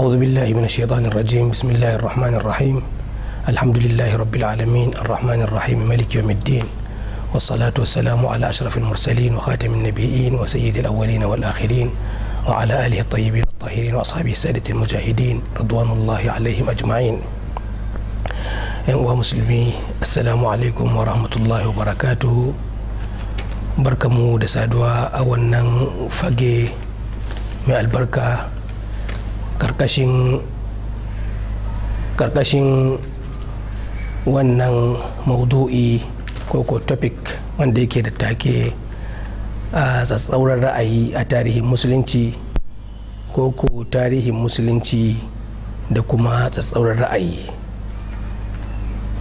أعوذ بالله من الشيطان الرجيم بسم الله الرحمن الرحيم الحمد لله رب العالمين الرحمن الرحيم ملك يوم الدين والصلاة والسلام على أشرف المرسلين وخاتم النبيين وسيد الأولين والآخرين وعلى آله الطيبين الطاهرين وأصحابه السادة المجاهدين رضوان الله عليهم أجمعين ومسلمي السلام عليكم ورحمة الله وبركاته بركة مودة saduwa a wannan fage mai karkashin karkashin wannan maudu'i ko ko topic wanda yake da take a tsatsauran ra'ayi a tarihin musulunci ko ko tarihin musulunci da kuma tsatsauran ra'ayi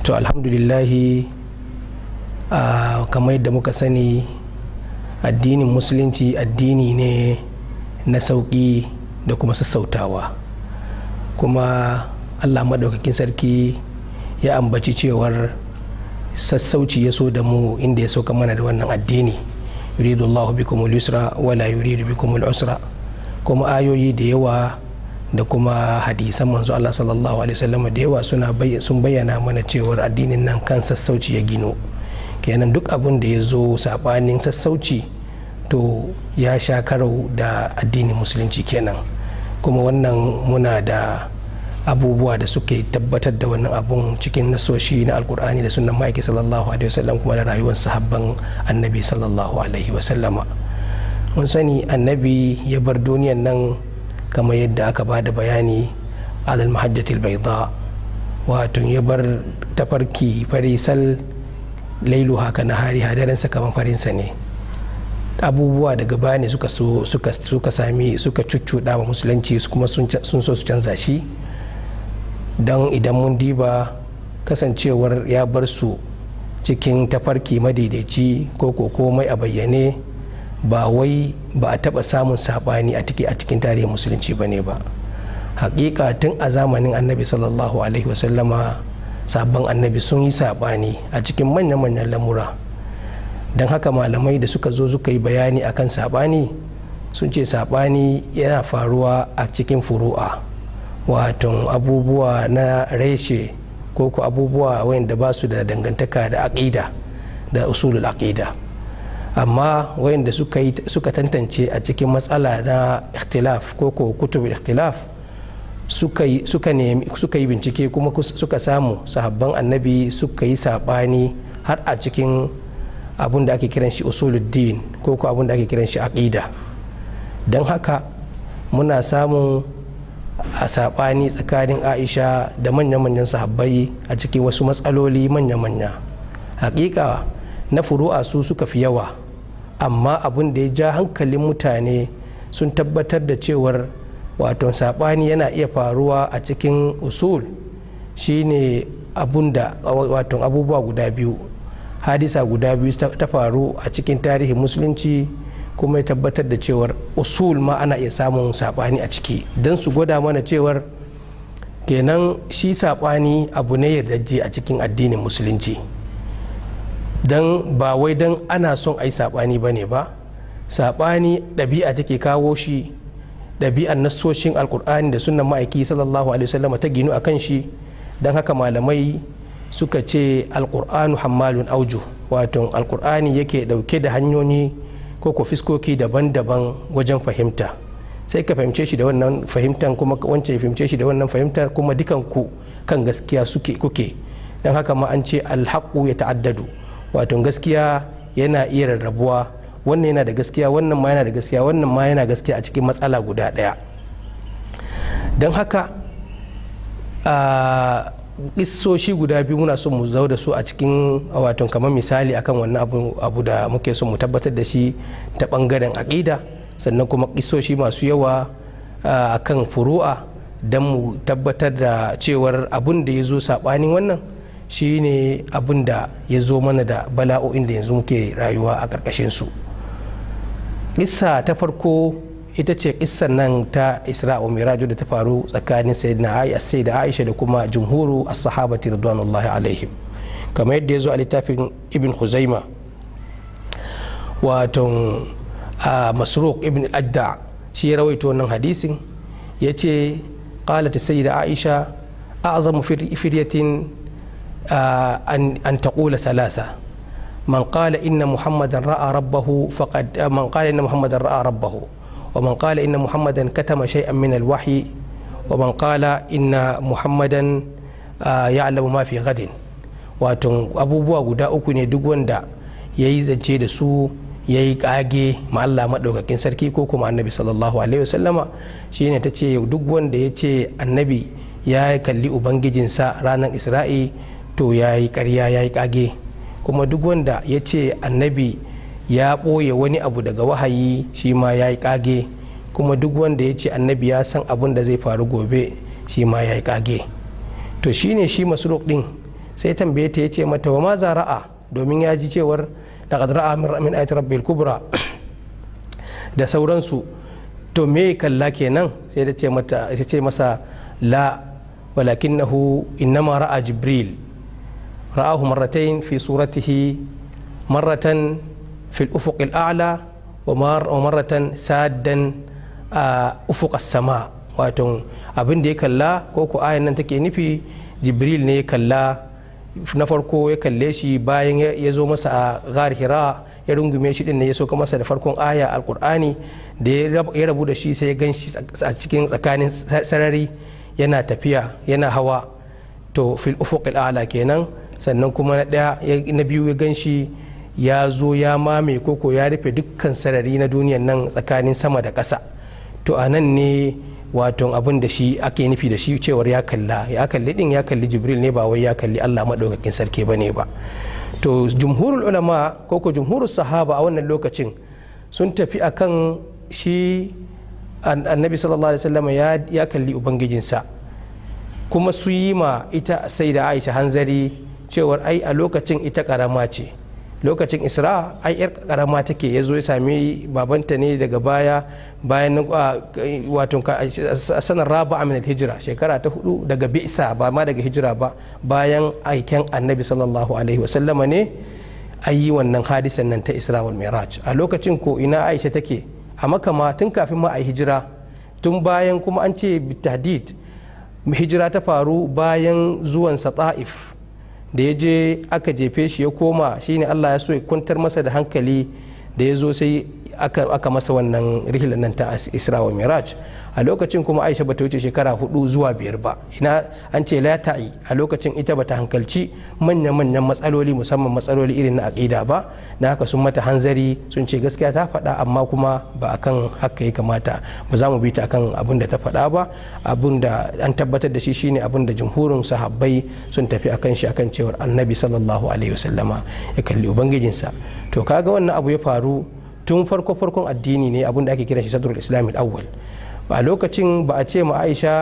to alhamdulillahi a kamar yadda muka sani addinin musulunci addini ne na sauƙi da kuma sassautawa kuma allah maɗaukakin sarki ya ambaci cewar sassauci ya so da mu inda ya sauka mana da wannan addini yuridu allahu bikum yusra wala yuridu bikum usra kuma ayoyi da yawa da kuma hadisan manzo Allah sallallahu alaihi wasallam da yawa suna sun bayyana mana cewar addinin nan kan sassauci ya gino kenan duk abin da ya zo sabanin sassauci to ya sha karau da addinin musulunci kenan kuma wannan muna da abubuwa da suke tabbatar da wannan abun cikin nasoshi na alkur'ani da sunan ma'aiki sallallahu alaihi wasallam kuma da rayuwar sahabban annabi sallallahu alaihi wasallama mun sani annabi ya bar duniyan nan kamar yadda aka ba da bayani alal mahajjatil baida wato ya bar tafarki farisal lailu haka na hari hadarinsa kamar farinsa ne abubuwa daga baya ne suka so suka sami suka cuccuɗa wa musulunci kuma sun so su canza shi don idan mun diba kasancewar ya bar su cikin tafarki madaidaici ko ko komai a bayyane ba wai ba a taba samun sabani a cikin tarihin musulunci ba ne ba hakika tun a zamanin annabi sallallahu alaihi wasallama sabon annabi sun yi sabani a cikin manya-manyan lamura don haka malamai da suka zo suka yi bayani akan saɓani sun ce saɓani yana faruwa a cikin furu'a waton abubuwa na reshe ko ku abubuwa wayanda ba su da dangantaka da aƙida da usulul aƙida amma wayanda suka tantance a cikin matsala na ikhtilaf ko ko kutubul ikhtilaf suka yi bincike kuma suka samu sahabban annabi suka yi saɓani har a cikin abin da ake kiran shi usuluddin ko ko abin da ake kiran shi aqida don haka muna samun a saɓani tsakanin aisha da manya-manyan sahabbai a cikin wasu matsaloli manya-manya hakika na furu'a su suka fi yawa amma abun da ya ja hankalin mutane sun tabbatar da cewar wato saɓani yana iya faruwa a cikin usul shine abun da wato abubuwa guda biyu hadisa guda biyu ta faru a cikin tarihin musulunci kuma ya tabbatar da cewar usul ma ana iya samun saɓani a ciki don su gwada mana cewar kenan shi saɓani abu ne ya daji a cikin addinin musulunci don ba wai don ana son a yi saɓani ba ne ba saɓani ɗabi'a take kawo shi ɗabi'an nassoshin alkur'ani da sunan ma'aiki sallallahu alaihi wasallama ta ginu a kan shi don haka malamai suka ce alkur'anu hammalun auju wato alkur'ani yake dauke da hanyoyi ko ko fiskoki daban-daban wajen fahimta sai ka fahimce shi da wannan fahimtar kuma wancan ya fahimce shi da wannan fahimtar kuma dukan ku kan gaskiya suke kuke don haka ma an ce alhaku ya ta'addadu wato gaskiya yana iya rarrabuwa wannan yana da gaskiya wannan ma yana da gaskiya wannan ma yana gaskiya a cikin matsala guda ɗaya don haka ah, kissoshi guda biyu muna son mu zau da su a cikin wato kamar misali akan wannan abu, abu da muke son mu tabbatar da shi ta bangaren aƙida sannan kuma kissoshi masu yawa akan furu'a don mu tabbatar da cewar abun da ya zo saɓanin wannan shi ne abun da ya zo mana da bala'o'in da yanzu muke rayuwa a ƙarƙashinsu. su. ta farko ita ce kissan nan ta isra'u miraju da ta faru tsakanin sayyidina aisha da kuma jumhuru as-sahabati radwanullahi alaihim kamar yadda ya zo a littafin ibn huzaima waton masruq ibn adda shi ya rawaito wannan hadisin ya ce qalat sayyida aisha a'zamu firyatin an taqula thalatha man qala inna muhammadan ra'a rabbahu faqad man qala inna muhammadan ra'a rabbahu ومن ina إن محمدا كتم شيئا من الوحي ومن قال إن محمدا يعلم ما في غد wato abubuwa guda uku ne duk wanda ya yi zance da su ya yi kage ma Allah maɗaukakin sarki ko kuma annabi sallallahu alaihi wasallama shi ne ta ce duk wanda ya ce annabi ya kalli ubangijinsa ranar isra'i to ya yi ƙarya ya yi kage kuma duk wanda ya ce annabi ya ɓoye wani abu daga wahayi shi ma ya yi ƙage kuma duk wanda ya ce annabi ya san abin da zai faru gobe shi ma ya yi ƙage to shi ne shi masu ɗin sai tambaye ta ya ce mata wa ma zara'a domin ya ji cewar laqad ra'a min ayati rabbil kubra da sauransu to me kalla kenan sai ta ce mata sai ce masa la walakinahu innama ra'a jibril ra'ahu marratayn fi suratihi marratan في الأفق الأعلى ومرة سادا أفق السماء wato abin da ya kalla ko ku nan take nufi jibril ne kalla na farko ya kalle shi bayan ya zo masa a ghar hira ya rungume shi din ne ya soka masa farkon aya alkur'ani da ya rabu da shi sai cikin tsakanin sarari yana tafiya yana hawa to fil ufuqil a'la kenan sannan kuma na biyu ya ganshi ya zo ya mame koko ya rufe dukkan sarari na duniyan nan tsakanin sama da ƙasa to a nan ne waton abin da shi ake nufi da shi cewar ya kalla ya kalli din ya kalli jibril ne ba wai ya kalli allah maɗaukakin sarki ba ne ba to jumhurul ulama ko jumhurul sahaba a wannan lokacin sun tafi akan shi annabi sallallahu alaihi wasallam ya kalli ubangijinsa kuma su yi ma ita sai da aisha hanzari cewar ai a lokacin ita karama ce lokacin isra ai yar karama take ya zo ya sami babanta ne daga baya bayan ah, wato a sanar raba aminal hijira shekara ta hudu daga bisa ba ma daga hijira ba bayan aiken annabi sallallahu alaihi wasallama ne a yi wannan hadisan nan ta isra wal miraj a lokacin ko ina aisha take a makama tun kafin ma a hijira tun bayan kuma an ce tahdid hijira ta faru bayan zuwan sa'if ta'if da ya je aka jefe shi ya koma shine allah ya so ya kwantar masa da hankali da ya zo sai aka masa wannan rihilar nan ta isra wa miraj a lokacin kuma aisha bata wuce shekara hudu zuwa biyar ba ina an ce la ta'i a lokacin ita bata hankalci manya manyan matsaloli musamman matsaloli irin na aqida ba na haka sun mata hanzari sun ce gaskiya ta faɗa amma kuma ba akan haka ya kamata ba za mu bi ta akan abin da ta faɗa ba abin da an tabbatar da shi shine abin da jumhurin sahabbai sun tafi akan shi akan cewar annabi sallallahu alaihi wasallama ya kalli ubangijinsa to kaga wannan abu ya faru tun farko farkon addini ne abin da ake kira shi sadrul islamil awwal a lokacin ba a ce ma aisha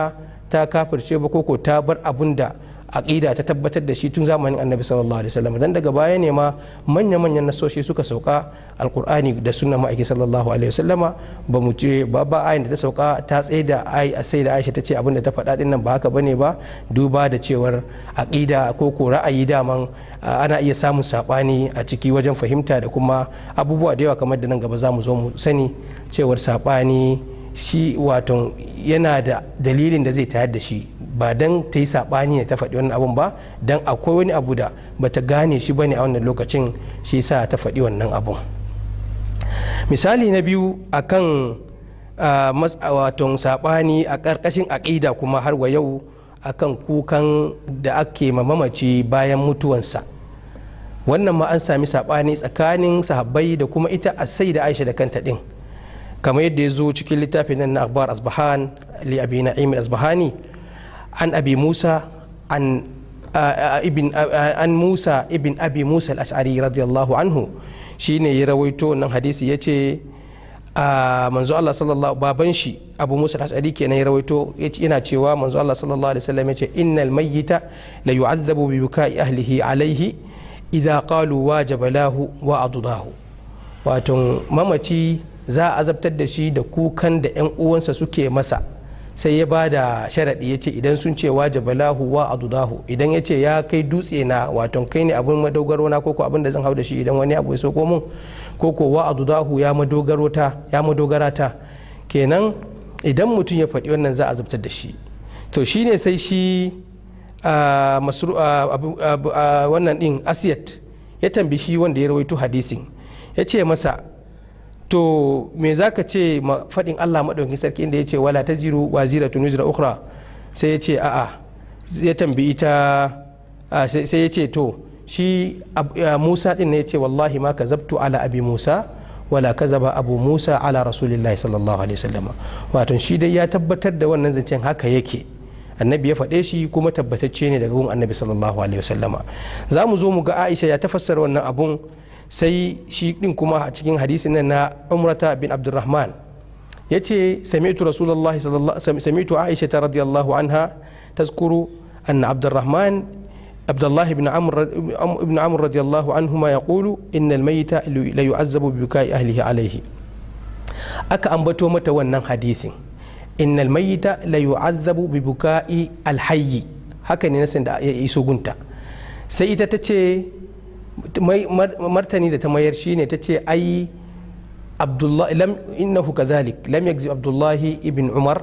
ta kafirce ba koko ta bar abin da aqida ta tabbatar da shi tun zamanin annabi sallallahu alaihi wasallam dan daga baya ne ma manya-manyan nasoshi suka sauka alqur'ani da sunna ma'aiki sallallahu alaihi wasallama ba mu ce ba ba ayin da ta sauka ta tsaye da ai sai da Aisha ta ce abinda ta faɗa din nan ba haka bane ba duba da cewar aqida ko ko ra'ayi daman ana iya samun saɓani a ciki wajen fahimta da kuma abubuwa da yawa kamar da nan gaba za mu zo mu sani cewar saɓani. shi wato yana da dalilin da zai tayar da shi ba dan ta yi saɓani ta faɗi wannan abun ba dan akwai wani abu da bata gane shi ba ne a wannan lokacin shi sa ta faɗi wannan abun misali na biyu a kan wato saɓani a ƙarƙashin aƙida kuma har wa yau a kan kukan da ake mamaci bayan mutuwansa wannan ma an sami saɓani tsakanin sahabbai da kuma ita a sai da aisha da kanta ɗin kamar yadda ya zo cikin littafin nan na akbar asbahan li abi na'im asbahani an abi musa an ibn an musa ibn abi musa al-ash'ari radiyallahu anhu shine ya rawaito nan hadisi yace manzo Allah sallallahu baban shi Abu Musa al-Ash'ari kenan ya rawaito yana cewa manzo Allah sallallahu alaihi wasallam yace innal mayyita la yu'azzabu bi buka'i ahlihi alaihi idza qalu wajaba lahu wa adudahu wato mamaci za a azabtar da shi da kukan da 'yan uwansa suke masa sai ya ba da sharaɗi ya ce idan sun ce waje balahu wa adudahu idan ya ce ya kai dutse na waton kai ne abin madogaro na koko abin da zan hau da shi idan wani abu ya soko mun koko wa adudahu ya ya madogara kenan idan mutum ya faɗi wannan za a zubtar da shi to shine sai shi wannan din asiyat ya tambi shi wanda ya rawaito hadisin ya ce masa to me za ka ce faɗin allah maɗaukin sarki inda ya ce wala ta ziru wa zira tunu zira ukra sai ya ce a'a ya tambayi ta sai ya ce to shi musa ɗin ya ce wallahi ma ka zabtu ala abi musa wala ka zaba abu musa ala rasulillahi sallallahu alaihi sallama. wato shi dai ya tabbatar da wannan zancen haka yake annabi ya faɗe shi kuma tabbatacce ne daga gun annabi sallallahu alaihi wasallama za mu zo mu ga aisha ya tafassara wannan abun sai shi din kuma a cikin hadisi nan na umrata bin abdurrahman ya ce sami'tu rasulullahi sami'tu aisha ta radiyallahu anha tazkuru anna abdurrahman abdullahi ibn amr ibn amr radiyallahu anhuma yaqulu innal mayta la yu'azzabu bi bukai ahlihi alayhi aka ambato mata wannan hadisin innal mayyita la yu'azzabu bi buka'i alhayyi haka ne nasin da ya iso gunta sai ita ta ce martani da ta mayar shine ta ce ai innahu kazalik lam yakzib abdullahi ibn umar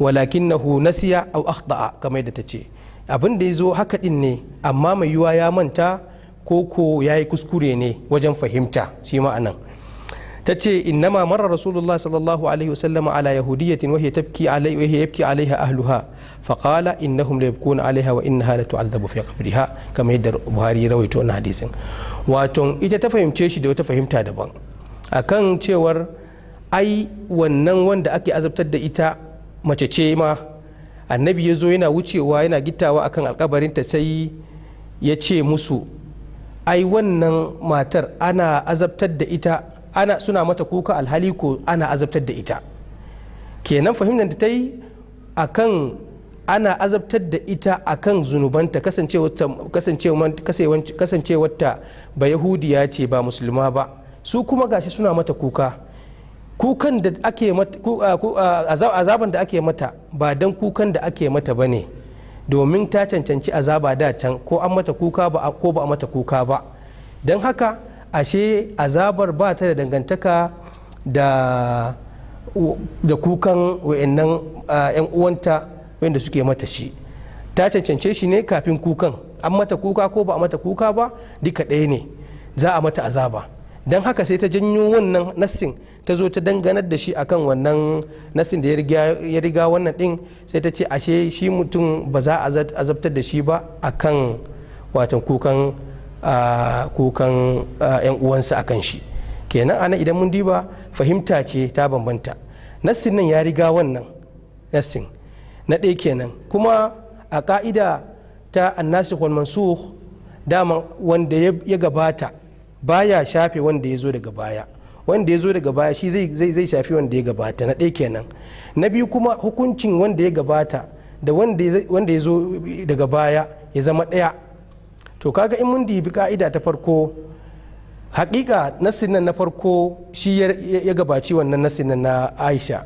walakinahu nasiya au akhta'a kamar da ta ce abin da ya zo haka din ne amma mai yuwa ya manta ko ko ya yi kuskure ne wajen fahimta shi ma'anan ta ce innama marar rasulullah sallallahu alaihi wasallama ala yahudiyatin wa tabki alaiha wa yabki alaiha ahluha fa qala innahum la yabkuna alaiha wa innaha la tu'adhabu fi qabriha kamar yadda buhari rawaito wannan hadisin wato ita ta fahimce shi da wata fahimta daban akan cewar ai wannan wanda ake azabtar da ita mace ce ma annabi ya zo yana wucewa yana gittawa akan alkabarinta sai ya ce musu ai wannan matar ana azabtar da ita ana suna mata kuka alhali ko ana azabtar da ita kenan fahimtar da ta yi akan ana azabtar da ita akan zunubanta wata ba yahudiya ce ba musulma ba su kuma gashi suna mata kuka kukan da ake mata azaban da ake mata ba don kukan da ake mata ba ne domin ta cancanci azaba da can ko an mata kuka ba ko ba a mata kuka ba don haka ashe azabar ba ta da dangantaka da kukan wa'annan yan uwanta wanda suke mata shi ta cancance shi ne kafin kukan an mata kuka ko ba a mata kuka ba duka ɗaya ne za a mata azaba don haka sai ta janyo wannan nassin ta zo ta danganar da shi akan wannan nassin da ya riga wannan ɗin sai ta ce ashe shi mutum ba za a azabtar da shi ba akan watan kukan a kukan 'yan uwansa a kan shi kenan ana idan mun diba fahimta ce ta bambanta nassin nan ya riga wannan nassin na ɗaya kenan kuma a ƙa'ida ta annasi wal mansukh dama wanda ya gabata baya shafe wanda ya zo daga baya wanda ya zo daga baya shi zai shafi wanda ya gabata na ɗaya kenan na biyu kuma hukuncin wanda ya gabata da wanda ya zo daga baya ya zama ɗaya to kaga in mun dibi ka'ida ta farko hakika nassin nan na farko shi ya gabaci wannan nassin nan na aisha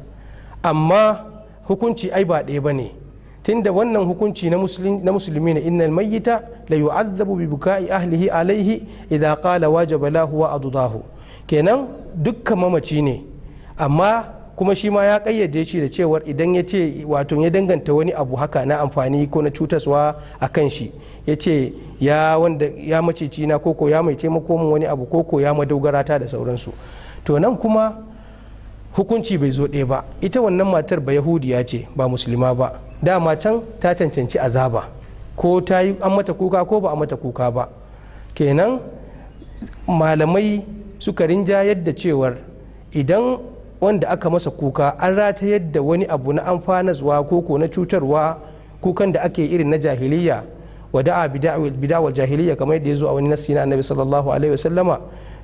amma hukunci ai ba ɗaya ba ne tunda wannan hukunci na musulmi na innal mayyita la yu'azzabu bi buka'i ahlihi alaihi iza, qala wajaba lahu wa kenan dukkan mamaci ne amma kuma shi ma ya kayyade shi da cewar idan ya ce wato ya danganta wani abu haka na amfani ko na cutaswa a kan shi ya ce ya wanda ya na koko ya mai taimako min wani abu koko ya madogara ta da sauransu to nan kuma hukunci bai zo ɗaya ba ita wannan matar ba yahudiya ce ba musulma ba dama can ta cancanci azaba ko ta yi an mata kuka ko ba a mata kuka ba kenan malamai suka rinja yadda cewar idan wanda aka masa kuka an ratayar da wani abu na amfanaswa ko ko na cutarwa kukan da ake irin na jahiliya wa da'a bidawar jahiliya kamar yadda ya zo a wani nasi na annabi sallallahu alaihi wasallama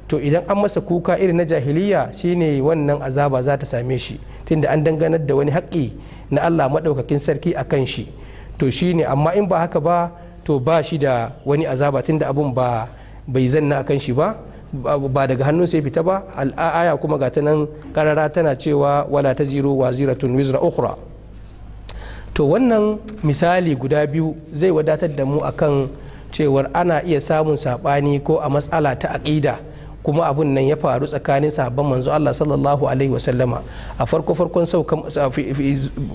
to idan an masa kuka irin na jahiliya shine wannan azaba za ta same shi tunda an danganar da wani haƙƙi na Allah maɗaukakin sarki a kan shi to shine amma in ba haka ba to ba shi da wani azaba tunda abun ba bai zanna a kan shi ba ba daga hannun sai fita ba al'aya kuma ga nan karara tana cewa wala ta ziro wa ziratun wizra ukhra to wannan misali guda biyu zai wadatar da mu akan cewar ana iya samun saɓani ko a matsala ta aƙida kuma abun nan ya faru tsakanin sabon manzo Allah sallallahu alaihi wasallama a farko farkon saukan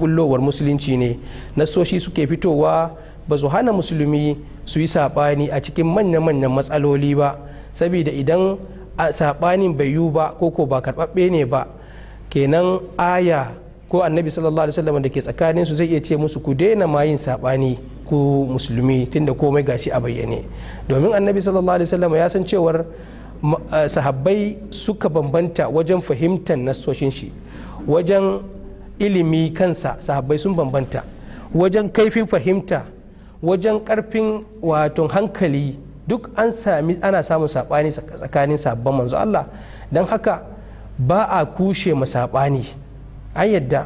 bullowar musulunci ne nasoshi suke fitowa ba su hana musulmi su yi sabani a cikin manya-manyan matsaloli ba saboda idan saɓanin bai yiwu ba ko ko ba karɓaɓɓe ne ba kenan aya ko annabi sallallahu alaihi wasallam da ke tsakanin su zai iya ce musu ku daina ma yin saɓani ku musulmi tunda komai gashi a bayyane domin annabi sallallahu alaihi wasallam ya san cewar sahabbai suka bambanta wajen fahimtar nasoshin shi wajen ilimi kansa sahabbai sun bambanta wajen kaifin fahimta wajen karfin waton hankali duk an sami ana samun saɓani tsakanin sabon manzo Allah don haka ba a kushe mu saɓani an yadda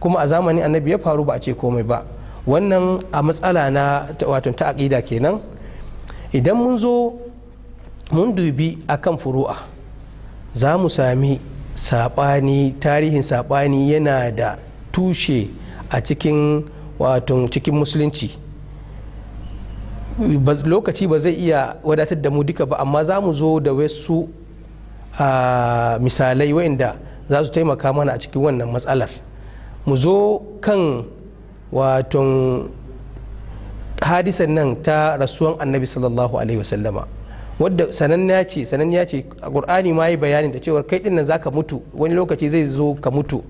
kuma a zamani annabi ya faru ba a ce komai ba wannan a matsala na wato ta aƙida kenan idan mun zo mun dubi a kan furu'a za mu sami saɓani tarihin saɓani yana da tushe a cikin wato cikin musulunci lokaci ba zai iya wadatar da mu duka ba amma za mu zo da wasu misalai waɗanda za su taimaka mana a cikin wannan matsalar mu zo kan waton hadisan nan ta rasuwan annabi sallallahu alaihi wasallama wadda ya ce ya ce a ƙur'ani ma yi bayani da cewar kai ɗin nan za ka mutu wani lokaci zai zo ka mutu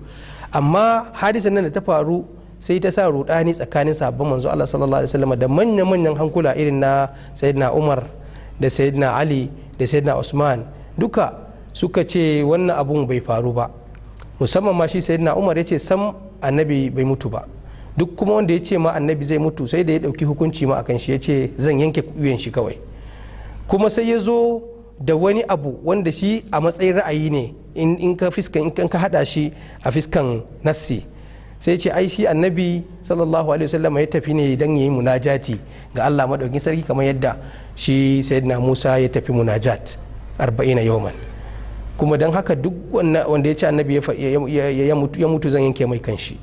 amma hadisan nan da ta faru sai ta sa rudani tsakanin sabbin manzo Allah sallallahu alaihi wasallam da manyan manyan hankula irin na sayyidina Umar da sayyidina Ali da sayyidina Usman duka suka ce wannan abun bai faru ba musamman ma shi sayyidina Umar ya ce sam annabi bai mutu ba duk kuma wanda ya ce ma annabi zai mutu sai da ya dauki hukunci ma akan shi ya ce zan yanke kuyen shi kawai kuma sai ya zo da wani abu wanda shi a matsayin ra'ayi ne in ka fiskan in ka hada shi a fiskan nassi sai ce ai shi annabi sallallahu alaihi wasallam ya tafi ne dan yayi munajati ga Allah madaukin sarki kamar yadda shi sayyidina Musa ya tafi munajat 40 yawman kuma dan haka duk wanda ya ce annabi ya mutu zan yanke mai kanshi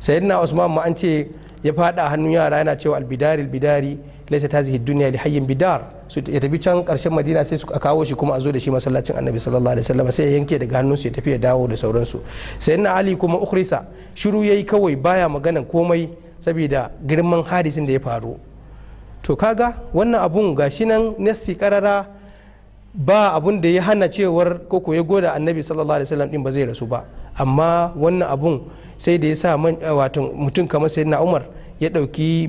sayyidina Usman ma an ce ya fada hannun yara yana cewa albidari albidari laysa tazihi dunya li hayyin bidar su ya tafi can karshen madina sai su kawo shi kuma a zo da shi masallacin annabi sallallahu alaihi wasallam sai ya yanke daga hannunsu ya tafi ya dawo da sauransu sai na ali kuma ukhrisa shiru yayi kawai baya magana komai saboda girman hadisin da ya faru to kaga wannan abun gashi nan nasi karara ba abun da ya hana cewar koko ya goda annabi sallallahu alaihi wasallam din ba zai rasu ba amma wannan abun sai da ya sa mutum kamar na umar ya dauki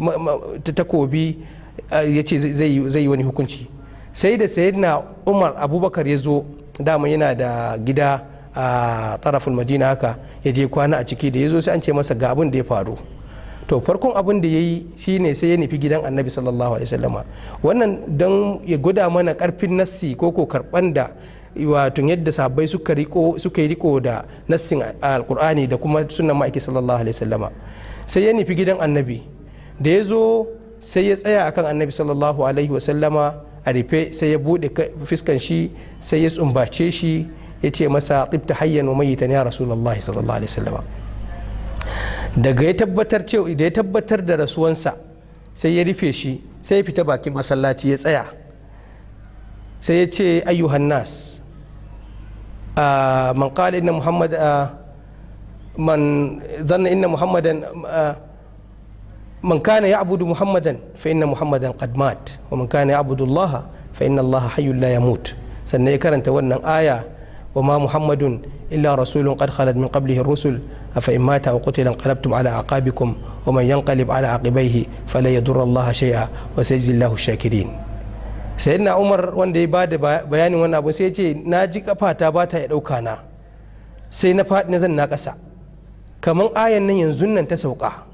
takobi Eh, ya ce zai yi wani hukunci sai da sayyidina umar abubakar ya zo dama yana da gida a tarafin madina haka ya je kwana a ciki da ya zo sai an ce masa ga abin da ya faru to farkon abin da ya yi shine sai ya nufi gidan annabi sallallahu alaihi wasallama wannan don ya gwada mana karfin nassi ko ko karban da wato yadda sabbai suka riko suka yi riko da nassin alkur'ani da kuma sunan ma'aiki sallallahu alaihi wasallama sai ya nufi gidan annabi da ya zo sai ya tsaya akan annabi sallallahu alaihi wasallama a rufe sai ya bude fuskan shi sai ya tsumbace shi ya ce masa tsibta hayyan wa mayyita ya rasulullahi sallallahu alaihi wasallama daga ya tabbatar da ya tabbatar da rasuwansa sai ya rufe shi sai ya fita bakin masallaci ya tsaya sai ya ce ayyuhan nas man qala inna muhammad man zanna inna muhammadan man kana ya'budu muhammadan fa inna muhammadan qad mat wa man allah fa inna allah hayyul la yamut sannan ya karanta wannan aya wa ma muhammadun illa rasulun qad khalat min qablihi rusul afa in mata aw qutila qalabtum ala aqabikum wa man yanqalib ala aqibaihi fala yadurra allah shay'a wa sayajzi allah shakirin sayyidina umar wanda ya bada bayani wannan abu sai ya ce na ji kafata ba ta ya dauka na sai na faɗi na zan na kasa kaman ayan nan yanzun nan ta sauka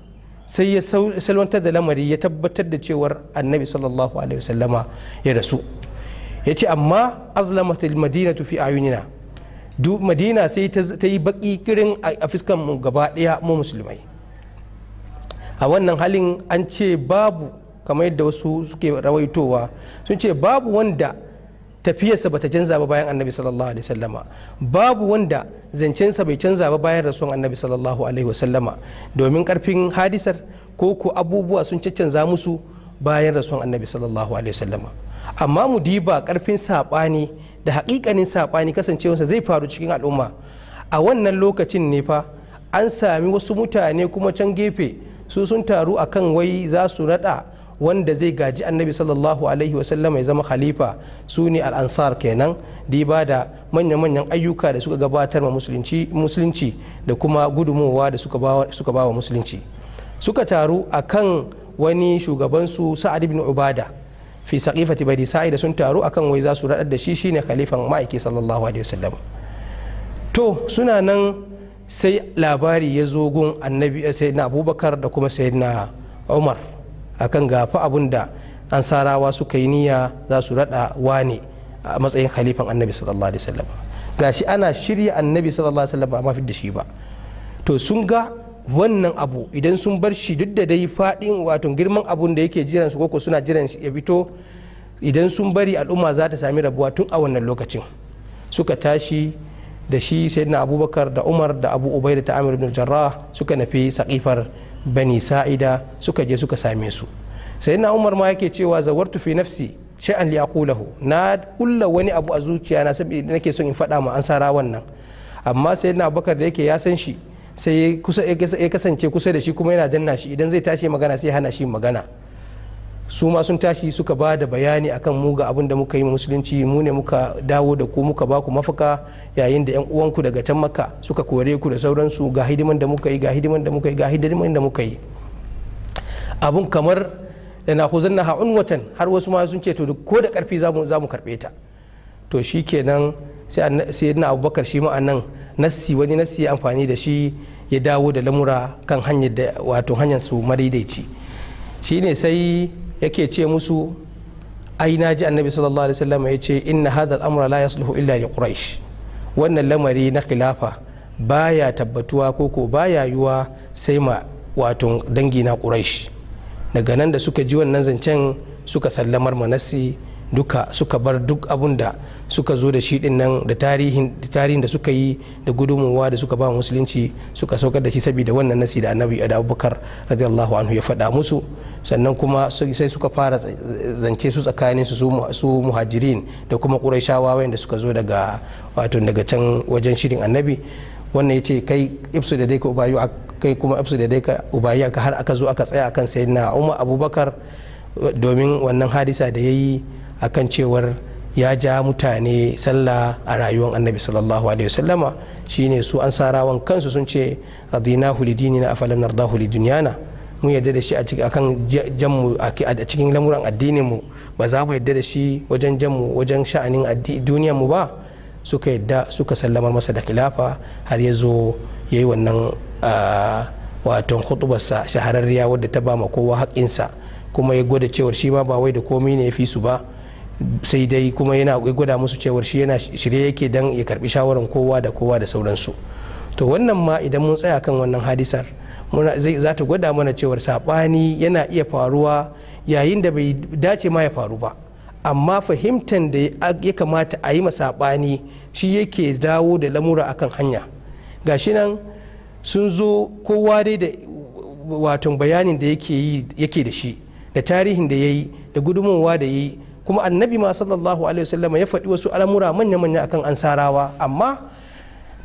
sai ya salwantar da lamari ya tabbatar da cewar annabi sallallahu alaihi wasallama ya rasu ya ce amma madina tufi fi ayunina madina sai ta yi baki kirin a fiskan mu gaba daya mu musulmai a wannan halin an ce babu kamar yadda wasu suke rawaitowa sun ce babu wanda tafiyarsa bata canza ba bayan annabi sallallahu alaihi wasallama babu wanda zancensa bai canza ba bayan rasuwan annabi sallallahu alaihi wasallama domin karfin hadisar ko ko abubuwa sun caccanza musu bayan rasuwan annabi sallallahu alaihi wasallama amma mu diba karfin saɓani da haƙiƙanin saɓani kasancewarsa zai faru cikin al'umma a wannan lokacin ne fa an sami wasu mutane kuma can gefe su sun taru akan wai za su naɗa wanda zai gaji annabi sallallahu alaihi wasallam ya zama khalifa su ne al'ansar kenan diba da manya-manyan ayyuka da suka gabatar ma musulunci da kuma gudunmowa da suka ba wa musulunci suka taru akan kan wani shugabansu sa'ad ibn ubada fi saqifati bani sa'ida sun taru akan wai za su raɗar da shi shine khalifan ma'aiki sallallahu alaihi wasallam to suna nan sai labari ya zo gun annabi eh, sai na abubakar da kuma sai na umar akan gafa abun da ansarawa suka yi niyya za su raɗa wane a matsayin khalifan annabi sallallahu alaihi wasallam gashi ana shirya annabi sallallahu alaihi wasallam mafi da shi ba to sun ga wannan abu idan sun bar shi duk da dai fadin wato girman abun da yake jiran su koko suna jiran shi ya fito idan sun bari al'umma za ta sami rabuwa tun a wannan lokacin suka tashi da shi sayyidina abubakar da umar da abu ubaida da ta'amir ibn jarrah suka nafi saƙifar bani sa'ida suka je suka same su sai na umar ma yake cewa zawartu fi nafsi sha'an li aqulahu na kulla wani abu a zuciya na saboda nake son in faɗa ma an sara wannan amma sai na bakar da yake ya san shi sai ya kasance kusa da shi kuma yana danna shi idan zai tashi magana sai hana shi magana su ma sun tashi suka ba da bayani akan mu ga abin da muka yi musulunci mu ne muka dawo da ku muka ba ku mafaka yayin da yan uwanku daga can maka suka kore ku da sauransu ga hidiman da muka yi ga hidiman da muka yi ga hidiman da muka yi abun kamar da na huzan na ha'un watan har wasu ma sun ce to ko da karfi za mu karbe ta to shi sai sai na abubakar shi ma nan nassi wani nassi ya amfani da shi ya dawo da lamura kan hanyar da wato hanyar su madaidaici shine sai yake ce musu ai na ji annabi sallallahu alaihi wasallam ya ce inna hadha al-amra la yasluhu illa li quraish wannan lamari na khilafa baya tabbatuwa ko ko baya yuwa sai ma wato dangi na quraish daga nan da suka ji wannan zancen suka sallamar manasi duka suka bar duk abun da suka zo da shi din nan da tarihin da suka yi da gudunmuwa da suka ba musulunci suka saukar da shi saboda wannan nasi da annabi da abubakar radiyallahu anhu ya faɗa musu sannan kuma sai suka fara zance su tsakanin su su muhajirin da kuma ƙuraishawa wayanda suka zo daga wato daga can wajen shirin annabi wannan yace ce kai ibsu da dai ka ubayu kai kuma ibsu da dai ka ubayu ka har aka zo aka tsaya akan sayyidina umar abubakar domin wannan hadisa da yayi akan cewar ya ja mutane sallah a rayuwar annabi sallallahu alaihi wasallama shine su ansarawan kansu sun ce radina hulidini na afalan narda hulidunyana mun yarda da shi a kan janmu a cikin lamuran addinin mu ba za mu yarda da shi wajen janmu wajen sha'anin duniyan mu ba suka yarda suka sallamar masa da kilafa har ya zo ya yi wannan wato hutubarsa shahararriya wadda ta ba ma kowa haƙinsa kuma ya gwada cewar shi ma ba wai da komai ne ya fi su ba sai dai kuma yana gwada musu cewar shi yana shirye yake dan ya karbi shawaran kowa da kowa da sauransu to wannan ma idan mun tsaya kan wannan hadisar za ta gwada mana cewar saɓani yana iya faruwa yayin da bai dace ma ya faru ba amma fahimtar da ya kamata a yi saɓani shi yake dawo da lamura akan hanya gashi nan sun zo kowa dai da waton bayanin da yake da shi da tarihin da ya yi da gudunmuwa da ya yi kuma annabi ma sallallahu alaihi wasallam ya faɗi wasu al'amura manya-manya akan ansarawa amma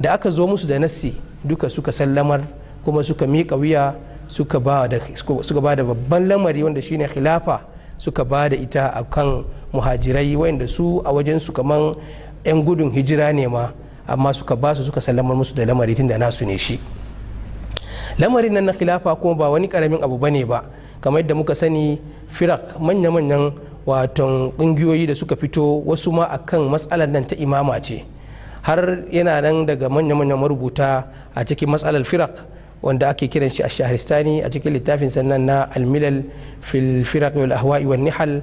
da aka zo musu da nassi duka suka sallamar kuma suka miƙa wuya suka ba da babban lamari wanda shine khilafa suka ba da ita a kan muhajirai wayanda su a wajensu kaman 'yan gudun hijira ne ma amma suka ba su suka sallamar musu da lamari tun da nasu ne shi lamarin nan na khilafa kuma ba wani karamin abu bane ba kamar yadda muka sani firak manya-manyan waton ƙungiyoyi da suka fito wasu ma akan matsalar nan ta imama ce har yana nan daga manya-manyan marubuta a cikin matsalar firak wanda ake kiran shi a shahristani a cikin littafin sannan na almilal fil firaq wal ahwa'i wan nihal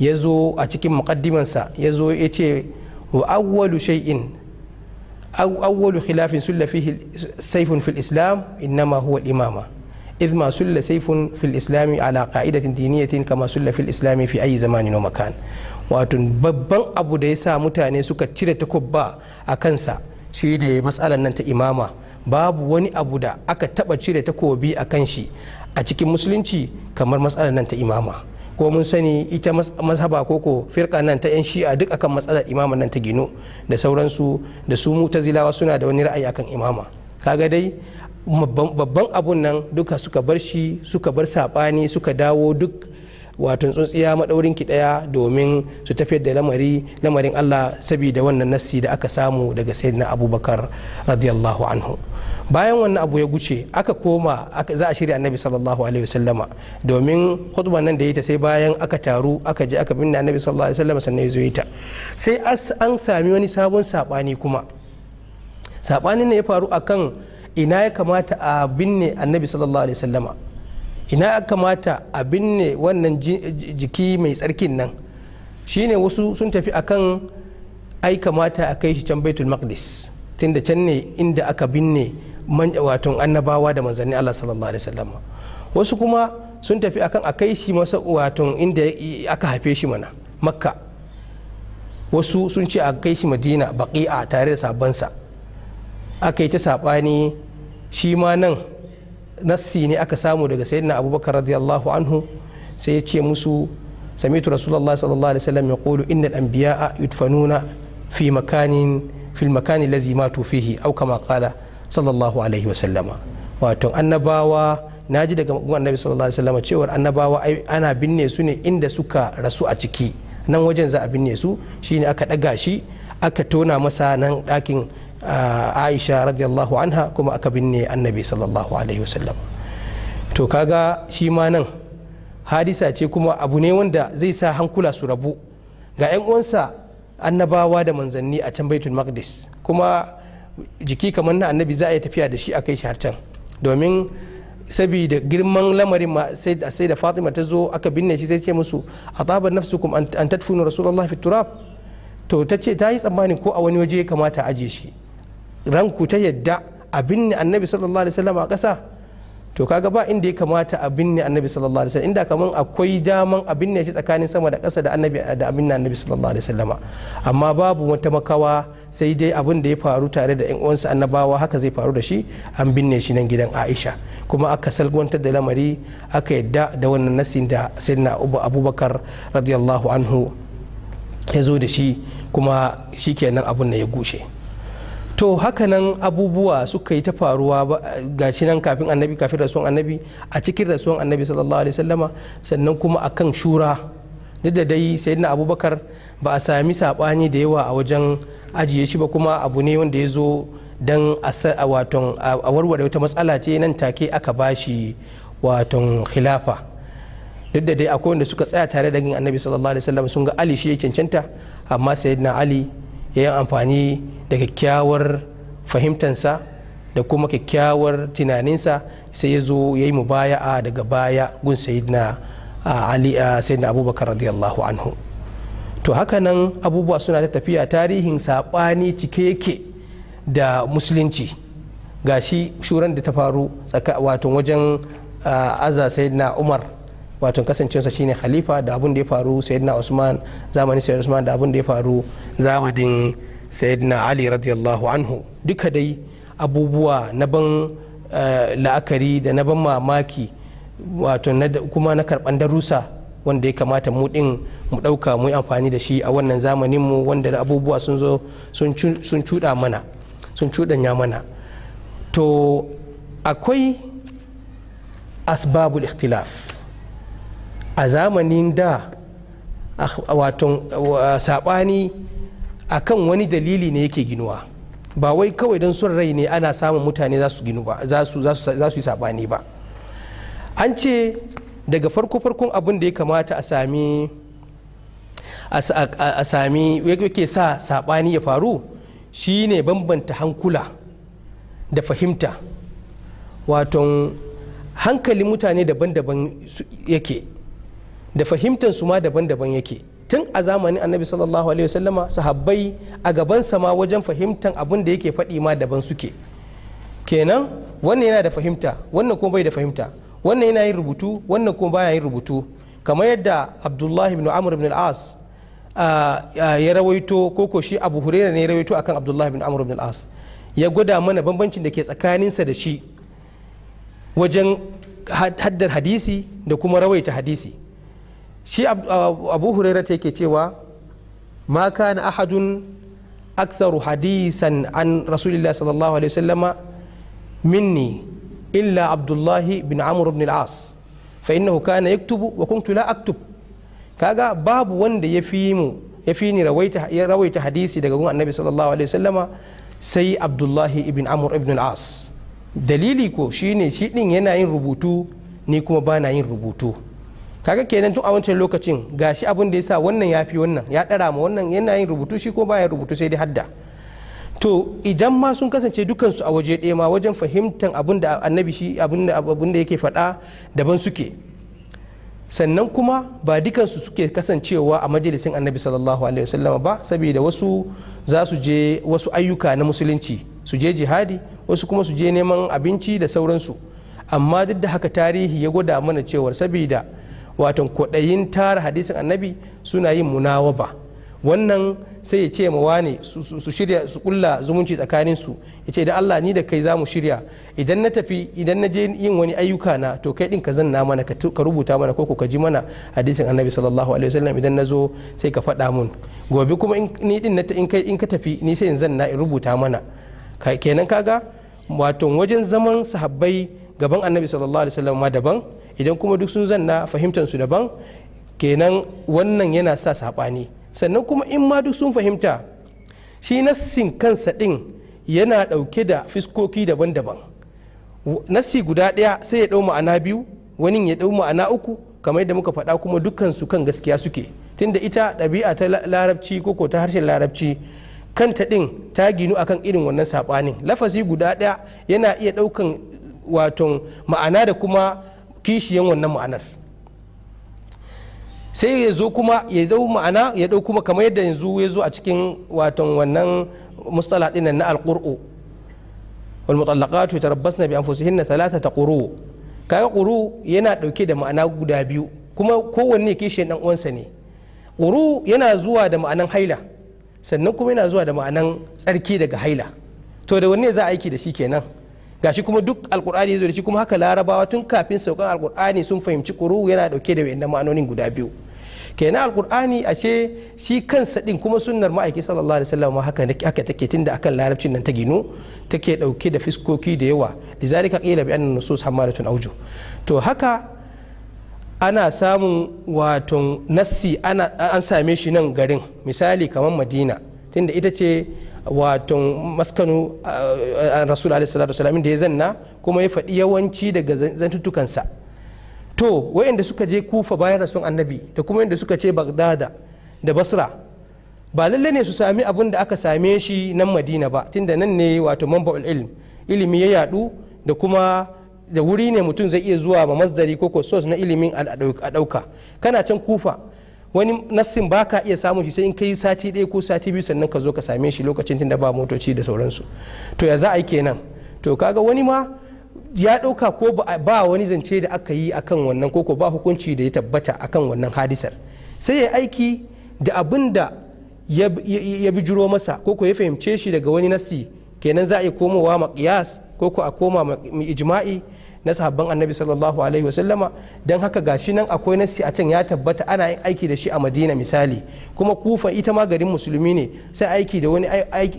ya zo a cikin muqaddimansa ya zo ya ce wa awwalu shay'in awwalu khilafin sulla fihi sayfun fil islam innama huwa al imama إذ ما سل سيف في الإسلام على قاعدة دينية كما سل في الإسلام في أي زمان ومكان واتن babban abu da yasa mutane suka cire takubba a kansa shine matsalar nan ta imama babu wani abu da aka taba cire takobi a kan shi a cikin musulunci kamar matsalar nan ta imama ko mun sani ita mazhaba koko firka nan ta yan shi'a duk akan matsalar imama nan ta gino da sauransu da su mutazilawa suna da wani ra'ayi akan imama kaga dai babban abun nan duka suka bar shi suka bar saɓani suka dawo duk wato tsuntsiya maɗaurin ki ɗaya domin su tafiyar da lamari lamarin Allah saboda wannan nassi da aka samu daga sayyidina Abubakar radiyallahu anhu bayan wannan abu ya guce aka koma za a shirya annabi sallallahu alaihi wasallama domin khutban nan da yi ta sai bayan aka taru aka je aka binne annabi sallallahu alaihi wasallama sannan ya zo yi sai an sami wani sabon sabani kuma sabanin ne ya faru akan ina ya kamata a binne annabi sallallahu alaihi wasallama ina ya kamata a binne wannan jiki mai tsarkin nan shine wasu sun tafi akan ai kamata a kai shi can baitul maqdis tunda can ne inda aka binne watan annabawa da manzanni Allah sallallahu alaihi wasallam wasu kuma sun tafi akan a kai shi masa watan inda aka haife shi mana makka wasu sun ce a kai shi madina baki'a tare da sabansa aka yi ta sabani shi ma nan nassi ne aka samu daga sayyidina abubakar radiyallahu anhu sai ya ce musu samitu rasulullah sallallahu alaihi wasallam ya qulu innal anbiya'a yudfanuna fi makanin fil makani allazi matu fihi aw kama qala sallallahu alaihi wasallama wato annabawa na ji daga annabi sallallahu alaihi wasallam cewar annabawa ana binne su ne inda suka rasu a ciki nan wajen za a binne su shine aka daga shi aka tona masa nan dakin Ah, aisha radiyallahu anha kuma aka binne annabi sallallahu alaihi wasallam to kaga shi ma nan hadisa ce kuma abu ne wanda zai sa hankula su rabu ga 'yan uwansa annabawa da manzanni a can baitul maqdis kuma jiki kamar na annabi za a yi tafiya da shi a kai shi har can domin saboda girman lamarin ma sai da fatima ta zo aka binne shi sai ce musu a nafsukum an tadfunu rasulullahi fi turab to ta ce ta yi tsammanin ko a wani waje ya kamata a aje shi ranku ta yadda a binne annabi sallallahu alaihi wasallam a ƙasa to kaga ba inda ya kamata a binne annabi sallallahu alaihi wasallam inda kaman akwai daman a binne shi tsakanin sama da ƙasa da annabi da abin annabi sallallahu alaihi wasallama amma babu wata makawa sai dai abin da ya faru tare da yan uwansa annabawa haka zai faru da shi an binne shi nan gidan Aisha kuma aka salgwantar da lamari aka yadda da wannan nasin da sayyidina Abubakar radiyallahu anhu ya zo da shi kuma shi shikenan abun da ya gushe to hakanan abubuwa suka yi ta faruwa ga shi nan kafin annabi kafin rasuwan annabi a cikin rasuwan annabi sallallahu alaihi wasallama sannan kuma akan shura duk da dai sayyidina abubakar ba a sami saɓani da yawa a wajen ajiye shi ba kuma abu ne wanda ya zo don a warware wata matsala ce nan take aka bashi waton khilafa duk da dai akwai wanda suka tsaya tare da annabi sallallahu alaihi sun ga ali shi ya cancanta amma sayyidina ali ya yi amfani da kyakkyawar fahimtansa da kuma kyakkyawar tunaninsa sai ya zo ya yi mubaya'a daga baya gun sayidina ali sayidina abubakar radiyallahu anhu to haka nan abubuwa suna ta tafiya tarihin saɓani cike yake da musulunci gashi shuran da ta faru wato wajen aza sayidina umar wato kasancewarsa shine khalifa da abun da ya faru sayyidina usman zamanin sayyidina usman da abun da ya faru zamanin sayyidina ali radiyallahu anhu duka dai abubuwa na ban eh, la'akari da na ban mamaki wato kuma na karban darusa wanda ya kamata mu din mu dauka mu yi amfani da shi a wannan zamanin mu wanda abubuwa sun zo sun cuda mana sun cudanya mana to akwai asbabul ikhtilaf a zamanin da ah, wato saɓani a kan wani dalili ne yake ginuwa ba wai kawai don son rai ne ana samun mutane za su yi saɓani ba an ce daga farko-farkon abin da ya kamata a sami a sami yake sa saɓani ya faru shine bambanta hankula da fahimta wato hankalin mutane daban-daban yake da fahimtar su ma daban-daban yake tun a zamanin annabi sallallahu alaihi wasallama sahabbai a gaban sama wajen fahimtar abin da yake faɗi ma daban suke kenan wannan yana da fahimta wannan kuma bai da fahimta wannan yana yin rubutu wannan kuma baya yin rubutu kamar yadda abdullahi ibn amr ibn al-as ya rawaito koko shi abu huraira ne ya rawaito akan abdullahi ibn amr ibn al-as ya gwada mana bambancin da ke tsakaninsa da shi wajen haddar hadisi da kuma rawaita hadisi shi uh, abu huraira ta yake cewa ma na ahadun aksaru hadisan an rasulillah sallallahu alaihi wasallama minni illa abdullahi bin amr ibn al-as fa innahu kana yaktubu wa kuntu la aktub kaga babu wanda ya fi mu ya fi ni rawaita hadisi daga gun annabi sallallahu alaihi wasallama sai abdullahi ibn amr ibn al-as dalili ko shine shi din yana yin rubutu ni kuma bana yin rubutu kaga kenan tun a wancan lokacin gashi abin da sa wannan ya fi wannan ya ɗara ma wannan yana yin rubutu shi ko baya rubutu sai dai hadda to idan ma sun kasance dukansu a waje ɗaya ma wajen fahimtar abin da annabi shi abin da yake faɗa daban suke sannan kuma ba dukansu suke kasancewa a majalisin annabi sallallahu alaihi wasallam ba saboda wasu za su je wasu ayyuka na musulunci su je jihadi wasu kuma su je neman abinci da sauransu amma duk da haka tarihi ya gwada mana cewar saboda wato kwaɗayin tara hadisin annabi suna yin munawaba wannan sai ya ce ma wane su shirya su kulla zumunci tsakanin su ya ce da Allah ni da kai za shirya idan na tafi idan na je yin wani ayyuka na to kai din ka zanna mana ka rubuta mana ko ka ji mana hadisin annabi sallallahu alaihi wasallam idan na zo sai ka faɗa mun gobe kuma ni din in kai in ka tafi ni sai in zanna in rubuta mana kenan kaga wato wajen zaman sahabbai gaban annabi sallallahu alaihi wasallam ma daban idan kuma duk sun zanna fahimtar su daban kenan wannan yana sa saɓani sannan kuma in ma duk sun fahimta shi nassin kansa ɗin yana ɗauke da fiskoki daban-daban nassi guda ɗaya sai ya ɗau ma'ana biyu wani ya ɗau ma'ana uku kamar yadda muka faɗa kuma dukkan su kan gaskiya suke tunda ita ɗabi'a ta larabci ko ta harshen larabci kanta ɗin ta ginu akan irin wannan saɓanin lafazi guda ɗaya yana iya ɗaukan wato ma'ana da kuma kishiyan wannan ma'anar sai ya zo kuma ya dau ma'ana ya dau kuma kamar yadda yanzu ya zo a cikin watan wannan mustala dinan na alqur'u wal mutallaqatu yatarabbasna bi anfusihinna thalathata quru kaga quru yana dauke da ma'ana guda biyu kuma kowanne kishiyan dan uwansa ne quru yana zuwa da ma'anan haila sannan kuma yana zuwa da ma'anan tsarki daga haila to da wanne za a aiki da shi kenan gashi kuma duk alkur'ani zo da shi kuma haka larabawa tun kafin saukan alkur'ani sun fahimci kuru yana dauke da wayannan ma'anonin guda biyu kenan alkur'ani ashe shi kansa din kuma sunnar ma'aiki sallallahu alaihi wasallam haka haka take tunda akan larabcin nan ta gino take dauke da fiskoki da yawa lizalika qila bi anna nusus hamalatun auju to haka ana samun wato nassi ana an same shi nan garin misali kamar madina tunda ita ce waton maskanu rasul alaihi da ya zanna kuma ya faɗi yawanci daga zantuttukansa to wayanda suka je kufa bayan rasun annabi da kuma yadda suka ce bagdada da basra ba lalle ne su sami abin da aka same shi nan madina ba tunda nan ne wato mamba ilm ilimi ya yaɗu da kuma da wuri ne mutum zai iya zuwa ma masdari ko ko na ilimin a ɗauka kana can kufa wani nassin ba ka iya samun shi sai in kai sati ɗaya ko sati biyu sannan ka zo ka same shi lokacin tun ba motoci da sauransu to ya za a yi kenan to kaga wani ma ya ɗauka ko ba wani zance da aka yi akan wannan ko ba hukunci da ya tabbata akan wannan hadisar sai ya aiki da abin da ya bi bijiro masa ko ko ya fahimce shi daga wani nassi kenan za a yi komowa ma ko ko a koma ma ijma'i na sahabban annabi sallallahu alaihi wasallama don haka gashi nan akwai nasi a can ya tabbata ana yin aiki da shi a madina misali kuma kufa ita ma garin musulmi ne sai aiki da wani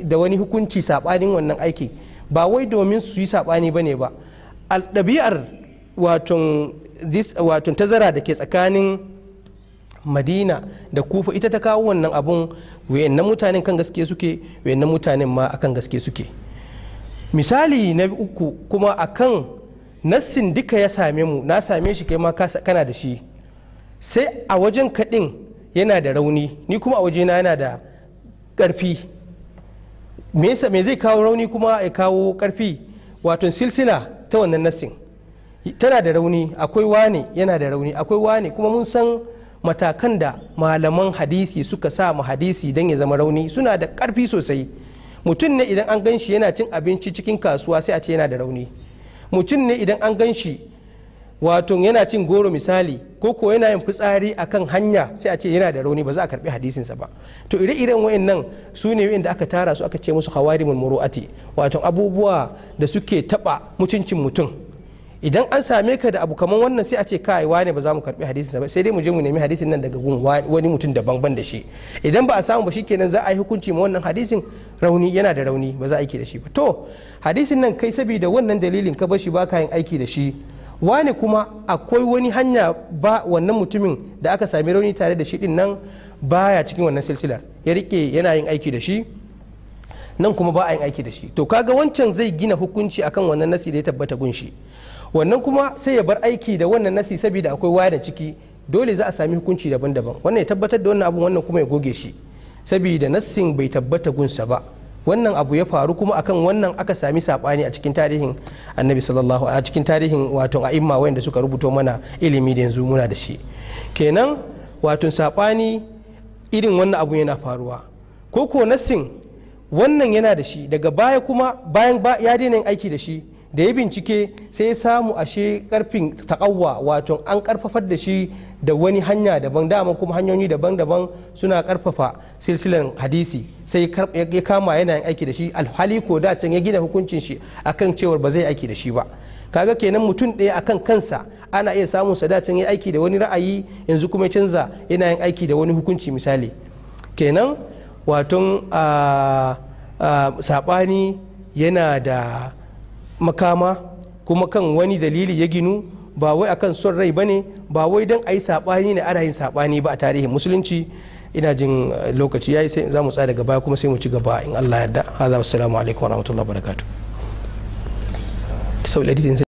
da wani hukunci saɓanin wannan aiki ba wai domin su yi saɓani ba ne ba ɗabi'ar waton tazara da ke tsakanin madina da kufa ita ta kawo wannan abun na mutanen kan gaske suke na mutanen ma akan gaske suke misali na uku kuma akan nassin duka ya same mu na same shi kai ma kana da shi sai a wajen kaɗin yana da rauni ni kuma a wajena yana da ƙarfi me zai kawo rauni kuma ya kawo ƙarfi wato silsila ta wannan nassin tana da rauni akwai wane yana da rauni akwai wane kuma mun san matakan da malaman hadisi suka sa mu hadisi don ya zama rauni suna da ƙarfi sosai mutum ne idan an gan shi yana cin abinci cikin kasuwa sai a ce yana da rauni mutum ne idan an gan shi wato yana cin goro misali ko ko yana yin fitsari a kan hanya sai a ce yana da rauni ba za a karbi hadisinsa ba to ire-iren wayannan su ne wayanda aka tara su aka ce musu hawarimul muru'ati wato abubuwa da suke taba mutuncin mutum idan an same ka da abu kamar wannan sai a ce kai wane ba za mu karbi hadisin ba sai dai mu je mu nemi hadisin nan daga gun wani mutum daban ban da shi idan ba a samu ba shikenan za a yi hukunci ma wannan hadisin rauni yana da rauni ba za a aiki da shi ba to hadisin nan kai saboda wannan dalilin ka bashi ba ka yin aiki da shi wane kuma akwai wani hanya ba wannan mutumin da aka sami rauni tare da shi din nan baya cikin wannan silsilar ya rike yana yin aiki da shi nan kuma ba a yin aiki da shi to kaga wancan zai gina hukunci akan wannan nasi da ya tabbata gunshi wannan kuma sai ya bar aiki da wannan nasi saboda akwai waya da ciki dole za a sami hukunci daban-daban wannan ya tabbatar da wannan abu wannan kuma ya goge shi saboda nassin bai tabbata gunsa ba wannan abu ya faru kuma akan wannan aka sami sabani a cikin tarihin annabi sallallahu a cikin tarihin wato a'imma wanda suka rubuto mana ilimi da yanzu muna da shi kenan wato sabani irin wannan abu yana faruwa ko ko nassin wannan yana da shi daga baya kuma bayan ya daina aiki da shi da ya bincike sai ya samu ashe karfin taƙawwa wato an karfafar da shi da wani hanya daban dama kuma hanyoyi daban-daban suna karfafa silsilan hadisi sai ya kama yana yin aiki da shi alhali ko da ya gina hukuncin shi akan cewar ba zai aiki da shi ba kaga kenan mutum ɗaya akan kansa ana iya samun sadacin ya aiki da wani ra'ayi yanzu kuma ya canza yana yin aiki da wani hukunci misali kenan waton ah, ah, saɓani yana da makama kuma kan wani dalili ya ginu ba wai akan son rai ne ba wai don a yi saɓani ne ana yin saɓani ba a tarihin musulunci ina jin eh, lokaci ya yi sai za mu tsaya daga baya kuma sai mu ci gaba in Allah ya yarda hadha wassalamu ba warahmatullahi wabarakatuh